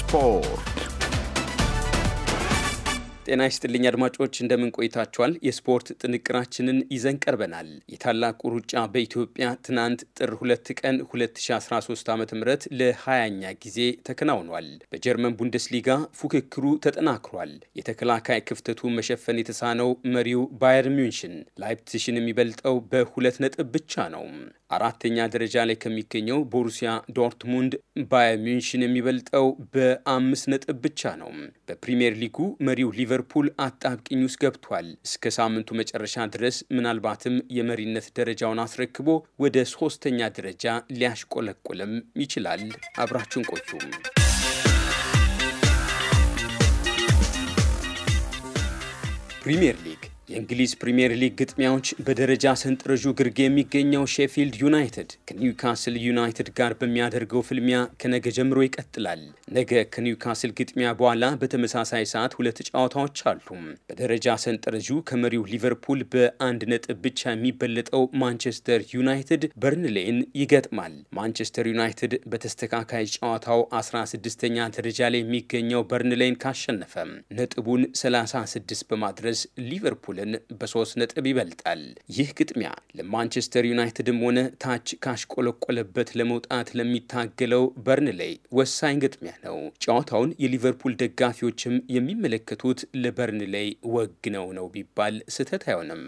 ስፖርት። ጤና ይስጥልኝ አድማጮች፣ እንደምን ቆይታችኋል? የስፖርት ጥንቅራችንን ይዘን ቀርበናል። የታላቁ ሩጫ በኢትዮጵያ ትናንት ጥር 2 ቀን 2013 ዓ ም ለ20ኛ ጊዜ ተከናውኗል። በጀርመን ቡንደስሊጋ ፉክክሩ ተጠናክሯል። የተከላካይ ክፍተቱ መሸፈን የተሳነው መሪው ባየር ሚንሽን ላይፕትሽን የሚበልጠው በሁለት ነጥብ ብቻ ነው። አራተኛ ደረጃ ላይ ከሚገኘው ቦሩሲያ ዶርትሙንድ ባየር ሚንሽን የሚበልጠው በአምስት ነጥብ ብቻ ነው። በፕሪምየር ሊጉ መሪው ሊቨርፑል አጣብቂኝ ውስጥ ገብቷል። እስከ ሳምንቱ መጨረሻ ድረስ ምናልባትም የመሪነት ደረጃውን አስረክቦ ወደ ሶስተኛ ደረጃ ሊያሽቆለቁልም ይችላል። አብራችን ቆዩ። ፕሪምየር ሊግ የእንግሊዝ ፕሪምየር ሊግ ግጥሚያዎች በደረጃ ሰንጠረዡ ግርጌ የሚገኘው ሼፊልድ ዩናይትድ ከኒውካስል ዩናይትድ ጋር በሚያደርገው ፍልሚያ ከነገ ጀምሮ ይቀጥላል። ነገ ከኒውካስል ግጥሚያ በኋላ በተመሳሳይ ሰዓት ሁለት ጨዋታዎች አሉ። በደረጃ ሰንጠረዡ ከመሪው ሊቨርፑል በአንድ ነጥብ ብቻ የሚበለጠው ማንቸስተር ዩናይትድ በርንሌን ይገጥማል። ማንቸስተር ዩናይትድ በተስተካካይ ጨዋታው 16ኛ ደረጃ ላይ የሚገኘው በርንሌን ካሸነፈ ነጥቡን 36 በማድረስ ሊቨርፑል ሊቨርፑልን በሶስት ነጥብ ይበልጣል። ይህ ግጥሚያ ለማንቸስተር ዩናይትድም ሆነ ታች ካሽቆለቆለበት ለመውጣት ለሚታገለው በርንሌይ ወሳኝ ግጥሚያ ነው። ጨዋታውን የሊቨርፑል ደጋፊዎችም የሚመለከቱት ለበርንሌይ ወግ ነው ቢባል ስህተት አይሆንም።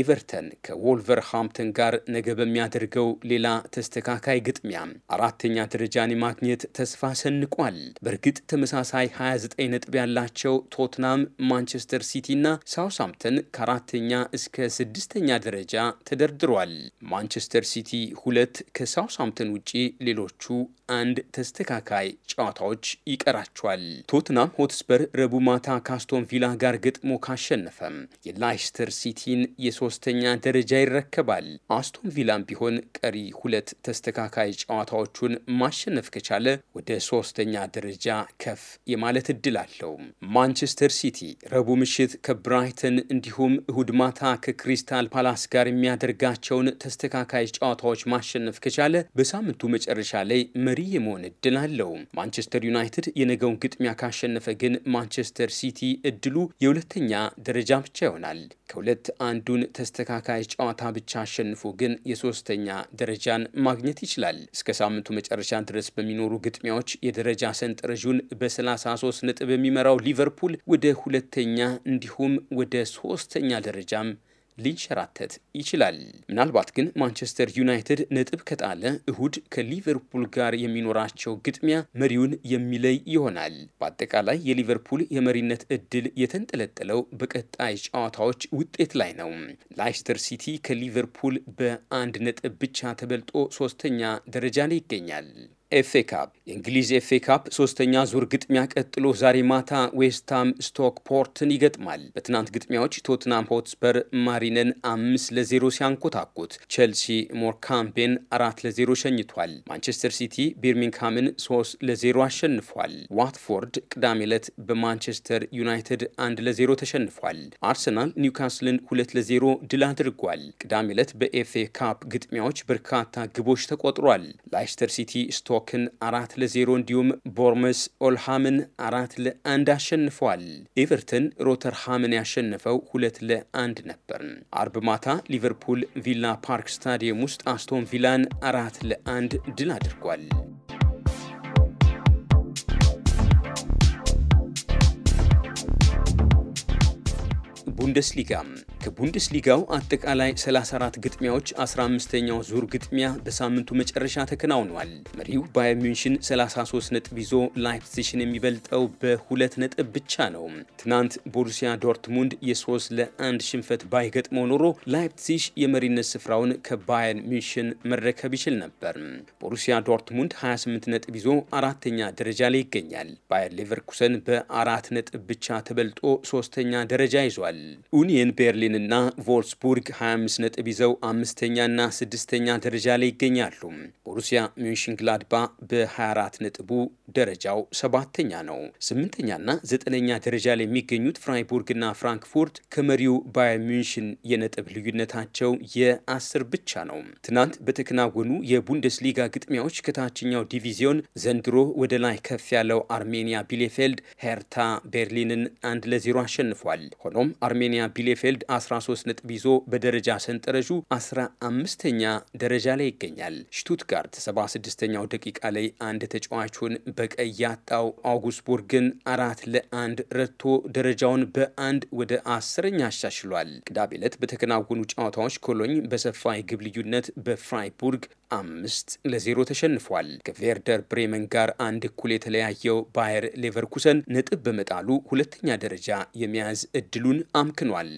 ኤቨርተን ከዎልቨርሃምፕተን ጋር ነገ በሚያደርገው ሌላ ተስተካካይ ግጥሚያ አራተኛ ደረጃን የማግኘት ተስፋ ሰንቋል። በእርግጥ ተመሳሳይ 29 ነጥብ ያላቸው ቶትናም፣ ማንቸስተር ሲቲ እና ሳውስሃምፕተን ከአራተኛ እስከ ስድስተኛ ደረጃ ተደርድሯል። ማንቸስተር ሲቲ ሁለት ከሳውስሃምፕተን ውጪ ሌሎቹ አንድ ተስተካካይ ጨዋታዎች ይቀራቸዋል። ቶትናም ሆትስፐር ረቡዕ ማታ ካስቶን ቪላ ጋር ገጥሞ ካሸነፈም የላይስተር ሲቲን የሶስተኛ ደረጃ ይረከባል። አስቶን ቪላም ቢሆን ቀሪ ሁለት ተስተካካይ ጨዋታዎቹን ማሸነፍ ከቻለ ወደ ሶስተኛ ደረጃ ከፍ የማለት እድል አለው። ማንቸስተር ሲቲ ረቡዕ ምሽት ከብራይተን እንዲሁም እሁድ ማታ ከክሪስታል ፓላስ ጋር የሚያደርጋቸውን ተስተካካይ ጨዋታዎች ማሸነፍ ከቻለ በሳምንቱ መጨረሻ ላይ መሪ መሪ የመሆን እድል አለው። ማንቸስተር ዩናይትድ የነገውን ግጥሚያ ካሸነፈ ግን ማንቸስተር ሲቲ እድሉ የሁለተኛ ደረጃ ብቻ ይሆናል። ከሁለት አንዱን ተስተካካይ ጨዋታ ብቻ አሸንፎ ግን የሶስተኛ ደረጃን ማግኘት ይችላል። እስከ ሳምንቱ መጨረሻ ድረስ በሚኖሩ ግጥሚያዎች የደረጃ ሰንጠረዡን በ33 ነጥብ የሚመራው ሊቨርፑል ወደ ሁለተኛ እንዲሁም ወደ ሶስተኛ ደረጃም ሊንሸራተት ይችላል። ምናልባት ግን ማንቸስተር ዩናይትድ ነጥብ ከጣለ እሁድ ከሊቨርፑል ጋር የሚኖራቸው ግጥሚያ መሪውን የሚለይ ይሆናል። በአጠቃላይ የሊቨርፑል የመሪነት እድል የተንጠለጠለው በቀጣይ ጨዋታዎች ውጤት ላይ ነው። ላይስተር ሲቲ ከሊቨርፑል በአንድ ነጥብ ብቻ ተበልጦ ሶስተኛ ደረጃ ላይ ይገኛል። ኤፍ ካፕ የእንግሊዝ ኤፍኤ ካፕ ሶስተኛ ዙር ግጥሚያ ቀጥሎ ዛሬ ማታ ዌስትሃም ስቶክፖርትን ይገጥማል። በትናንት ግጥሚያዎች ቶትናም ሆትስፐር ማሪነን አምስት ለዜሮ ሲያንኮታኩት፣ ቼልሲ ሞርካምፔን አራት ለዜሮ ሸኝቷል። ማንቸስተር ሲቲ ቢርሚንግሃምን ሶስት ለዜሮ አሸንፏል። ዋትፎርድ ቅዳሜ ዕለት በማንቸስተር ዩናይትድ አንድ ለዜሮ ተሸንፏል። አርሰናል ኒውካስልን ሁለት ለዜሮ ድል አድርጓል። ቅዳሜ ዕለት በኤፍ ካፕ ግጥሚያዎች በርካታ ግቦች ተቆጥሯል። ላይስተር ሲቲ ስቶ ሮክን አራት ለዜሮ እንዲሁም ቦርመስ ኦልሃምን አራት ለአንድ አሸንፏል። ኤቨርተን ሮተርሃምን ያሸነፈው ሁለት ለአንድ ነበር። አርብ ማታ ሊቨርፑል ቪላ ፓርክ ስታዲየም ውስጥ አስቶን ቪላን አራት ለአንድ ድል አድርጓል። ቡንደስሊጋ ከቡንደስሊጋው አጠቃላይ 34 ግጥሚያዎች 15ኛው ዙር ግጥሚያ በሳምንቱ መጨረሻ ተከናውኗል። መሪው ባየር ሚንሽን 33 ነጥብ ይዞ ላይፕሲሽን የሚበልጠው በሁለት ነጥብ ብቻ ነው። ትናንት ቦሩሲያ ዶርትሙንድ የ3 ለ1 ሽንፈት ባይገጥመው ኖሮ ላይፕሲሽ የመሪነት ስፍራውን ከባየር ሚንሽን መረከብ ይችል ነበር። ቦሩሲያ ዶርትሙንድ 28 ነጥብ ይዞ አራተኛ ደረጃ ላይ ይገኛል። ባየር ሌቨርኩሰን በአራት ነጥብ ብቻ ተበልጦ ሶስተኛ ደረጃ ይዟል። ኡኒየን ቤርሊን በርሊንና ቮልስቡርግ 25 ነጥብ ይዘው አምስተኛና ስድስተኛ ደረጃ ላይ ይገኛሉ። ቦሩሲያ ሚንሽንግላድባ በ24 ነጥቡ ደረጃው ሰባተኛ ነው። ስምንተኛና ዘጠነኛ ደረጃ ላይ የሚገኙት ፍራይቡርግና ፍራንክፉርት ከመሪው ባየር ሚንሽን የነጥብ ልዩነታቸው የአስር ብቻ ነው። ትናንት በተከናወኑ የቡንደስሊጋ ግጥሚያዎች ከታችኛው ዲቪዚዮን ዘንድሮ ወደ ላይ ከፍ ያለው አርሜኒያ ቢሌፌልድ ሄርታ ቤርሊንን አንድ ለዜሮ አሸንፏል። ሆኖም አርሜኒያ ቢሌፌልድ 13 ነጥብ ይዞ በደረጃ ሰንጠረዡ 15ኛ ደረጃ ላይ ይገኛል። ሽቱትጋርት 76ኛው ደቂቃ ላይ አንድ ተጫዋቹን በቀይ ያጣው አውጉስቡርግን አራት ለአንድ ረድቶ ደረጃውን በአንድ ወደ አስረኛ አሻሽሏል። ቅዳሜ ዕለት በተከናወኑ ጨዋታዎች ኮሎኝ በሰፋ የግብ ልዩነት በፍራይቡርግ አምስት ለዜሮ ተሸንፏል። ከቬርደር ብሬመን ጋር አንድ እኩል የተለያየው ባየር ሌቨርኩሰን ነጥብ በመጣሉ ሁለተኛ ደረጃ የመያዝ እድሉን አምክኗል።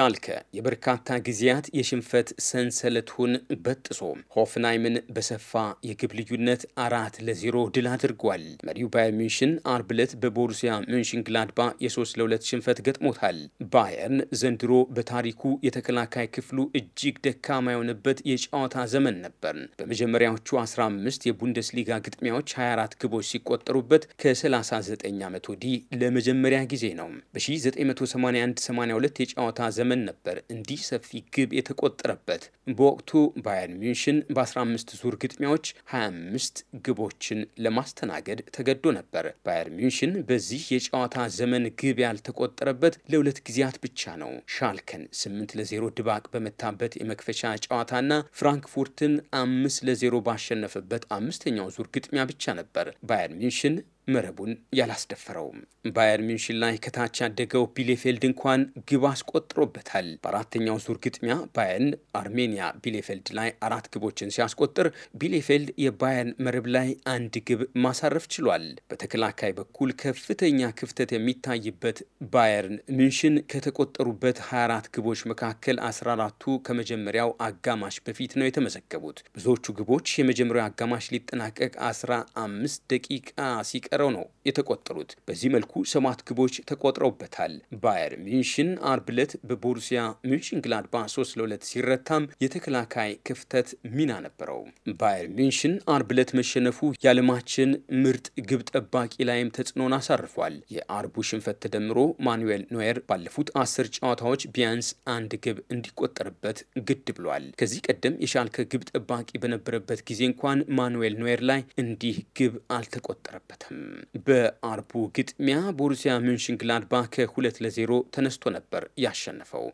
ሻልከ የበርካታ ጊዜያት የሽንፈት ሰንሰለቱን በጥሶ ሆፍናይምን በሰፋ የግብ ልዩነት አራት ለዜሮ ድል አድርጓል። መሪው ባየር ሚንሽን አርብ ዕለት በቦሩሲያ ሚንሽን ግላድባ የሶስት ለሁለት ሽንፈት ገጥሞታል። ባየርን ዘንድሮ በታሪኩ የተከላካይ ክፍሉ እጅግ ደካማ የሆነበት የጨዋታ ዘመን ነበር። በመጀመሪያዎቹ 15 የቡንደስሊጋ ግጥሚያዎች 24 ግቦች ሲቆጠሩበት ከ39 ዓመት ወዲህ ለመጀመሪያ ጊዜ ነው። በ1981/82 የጨዋታ ዘመን ዘመን ነበር እንዲህ ሰፊ ግብ የተቆጠረበት። በወቅቱ ባየርን ሚንሽን በ15 ዙር ግጥሚያዎች 25 ግቦችን ለማስተናገድ ተገዶ ነበር። ባየር ሚንሽን በዚህ የጨዋታ ዘመን ግብ ያልተቆጠረበት ለሁለት ጊዜያት ብቻ ነው። ሻልከን 8 ለዜሮ ድባቅ በመታበት የመክፈቻ ጨዋታና ፍራንክፉርትን 5 ለዜሮ ባሸነፈበት አምስተኛው ዙር ግጥሚያ ብቻ ነበር ባየር ሚንሽን መረቡን ያላስደፈረውም። ባየር ሚንሽን ላይ ከታች ያደገው ቢሌፌልድ እንኳን ግብ አስቆጥሮበታል። በአራተኛው ዙር ግጥሚያ ባየርን አርሜኒያ ቢሌፌልድ ላይ አራት ግቦችን ሲያስቆጥር ቢሌፌልድ የባየርን መረብ ላይ አንድ ግብ ማሳረፍ ችሏል። በተከላካይ በኩል ከፍተኛ ክፍተት የሚታይበት ባየርን ሚንሽን ከተቆጠሩበት 24 ግቦች መካከል 14ቱ ከመጀመሪያው አጋማሽ በፊት ነው የተመዘገቡት። ብዙዎቹ ግቦች የመጀመሪያው አጋማሽ ሊጠናቀቅ 15 ደቂቃ ሲቀር ተቆጥረው ነው የተቆጠሩት። በዚህ መልኩ ሰባት ግቦች ተቆጥረውበታል። ባየር ሚንሽን አርብ ዕለት በቦሩሲያ ሚንሽን ግላድባ 3 ለ2 ሲረታም የተከላካይ ክፍተት ሚና ነበረው። ባየር ሚንሽን አርብ ዕለት መሸነፉ የዓለማችን ምርጥ ግብ ጠባቂ ላይም ተጽዕኖን አሳርፏል። የአርቡ ሽንፈት ተደምሮ ማኑዌል ኖየር ባለፉት አስር ጨዋታዎች ቢያንስ አንድ ግብ እንዲቆጠርበት ግድ ብሏል። ከዚህ ቀደም የሻልከ ግብ ጠባቂ በነበረበት ጊዜ እንኳን ማኑዌል ኖየር ላይ እንዲህ ግብ አልተቆጠረበትም። በአርቡ ግጥሚያ ቦሩሲያ ሚንሽንግላድባ ከሁለት ለዜሮ ተነስቶ ነበር ያሸነፈው።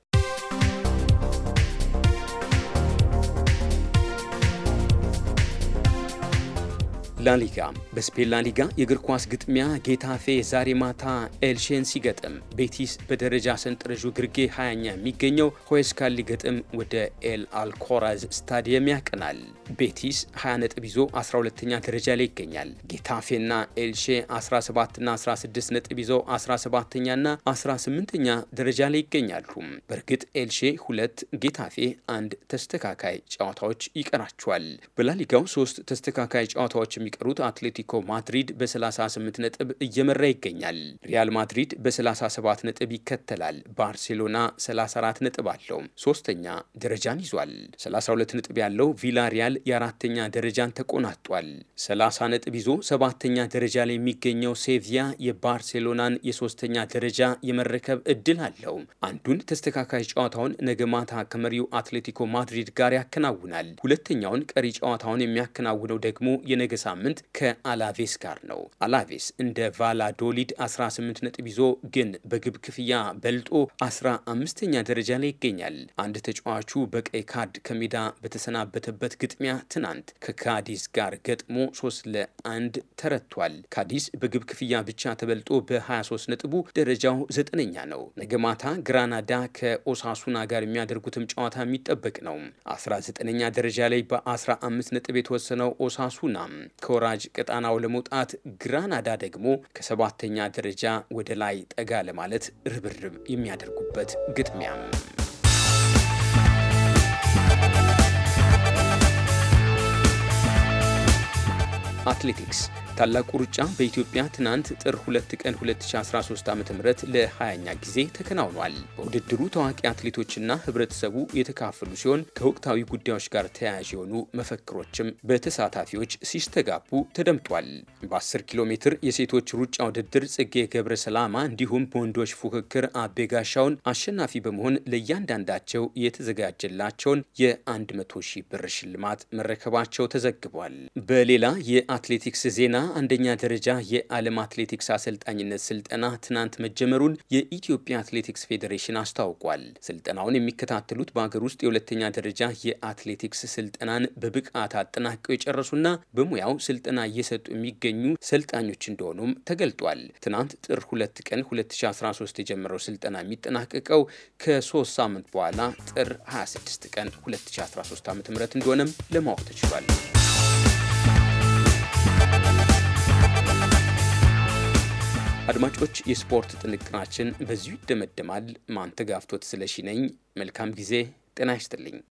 ላሊጋ በስፔን ላሊጋ የእግር ኳስ ግጥሚያ ጌታፌ ዛሬ ማታ ኤልሼን ሲገጥም፣ ቤቲስ በደረጃ ሰንጠረዡ ግርጌ 20ኛ የሚገኘው ሆስካል ሊገጥም ወደ ኤል አልኮራዝ ስታዲየም ያቀናል። ቤቲስ 20 ነጥብ ይዞ 12ኛ ደረጃ ላይ ይገኛል። ጌታፌና ኤልሼ 17ና 16 ነጥብ ይዞ 17ኛና 18ኛ ደረጃ ላይ ይገኛሉ። በእርግጥ ኤልሼ ሁለት ጌታፌ አንድ ተስተካካይ ጨዋታዎች ይቀራቸዋል። በላሊጋው ሶስት ተስተካካይ ጨዋታዎች የሚ የሚቀሩት አትሌቲኮ ማድሪድ በ38 ነጥብ እየመራ ይገኛል። ሪያል ማድሪድ በ37 ነጥብ ይከተላል። ባርሴሎና 34 ነጥብ አለው፣ ሶስተኛ ደረጃን ይዟል። 32 ነጥብ ያለው ቪላ ሪያል የአራተኛ ደረጃን ተቆናጧል። 30 ነጥብ ይዞ ሰባተኛ ደረጃ ላይ የሚገኘው ሴቪያ የባርሴሎናን የሶስተኛ ደረጃ የመረከብ እድል አለው። አንዱን ተስተካካይ ጨዋታውን ነገ ማታ ከመሪው አትሌቲኮ ማድሪድ ጋር ያከናውናል። ሁለተኛውን ቀሪ ጨዋታውን የሚያከናውነው ደግሞ የነገ ሳምንት ሳምንት ከአላቬስ ጋር ነው። አላቬስ እንደ ቫላዶሊድ 18 ነጥብ ይዞ ግን በግብ ክፍያ በልጦ 15ኛ ደረጃ ላይ ይገኛል። አንድ ተጫዋቹ በቀይ ካርድ ከሜዳ በተሰናበተበት ግጥሚያ ትናንት ከካዲስ ጋር ገጥሞ 3 ለአንድ ተረቷል። ካዲስ በግብ ክፍያ ብቻ ተበልጦ በ23 ነጥቡ ደረጃው ዘጠነኛ ነው። ነገ ማታ ግራናዳ ከኦሳሱና ጋር የሚያደርጉትም ጨዋታ የሚጠበቅ ነው። 19ኛ ደረጃ ላይ በ15 ነጥብ የተወሰነው ኦሳሱና ከወራጅ ቀጣናው ለመውጣት ግራናዳ ደግሞ ከሰባተኛ ደረጃ ወደ ላይ ጠጋ ለማለት ርብርብ የሚያደርጉበት ግጥሚያም አትሌቲክስ ታላቁ ሩጫ በኢትዮጵያ ትናንት ጥር 2 ቀን 2013 ዓ ም ለ20ኛ ጊዜ ተከናውኗል። በውድድሩ ታዋቂ አትሌቶችና ህብረተሰቡ የተካፈሉ ሲሆን ከወቅታዊ ጉዳዮች ጋር ተያያዥ የሆኑ መፈክሮችም በተሳታፊዎች ሲስተጋቡ ተደምጧል። በ10 ኪሎ ሜትር የሴቶች ሩጫ ውድድር ጽጌ ገብረ ሰላማ እንዲሁም በወንዶች ፉክክር አቤ ጋሻውን አሸናፊ በመሆን ለእያንዳንዳቸው የተዘጋጀላቸውን የ100 ሺህ ብር ሽልማት መረከባቸው ተዘግቧል። በሌላ የአትሌቲክስ ዜና አንደኛ ደረጃ የዓለም አትሌቲክስ አሰልጣኝነት ስልጠና ትናንት መጀመሩን የኢትዮጵያ አትሌቲክስ ፌዴሬሽን አስታውቋል። ስልጠናውን የሚከታተሉት በሀገር ውስጥ የሁለተኛ ደረጃ የአትሌቲክስ ስልጠናን በብቃት አጠናቀው የጨረሱና በሙያው ስልጠና እየሰጡ የሚገኙ ሰልጣኞች እንደሆኑም ተገልጧል። ትናንት ጥር ሁለት ቀን 2013 የጀመረው ስልጠና የሚጠናቀቀው ከሶስት ሳምንት በኋላ ጥር 26 ቀን 2013 ዓ ም እንደሆነም ለማወቅ ተችሏል። አድማጮች፣ የስፖርት ጥንቅናችን በዚሁ ይደመደማል። ማንተጋፍቶት ስለሺ ነኝ። መልካም ጊዜ። ጤና ይስጥልኝ።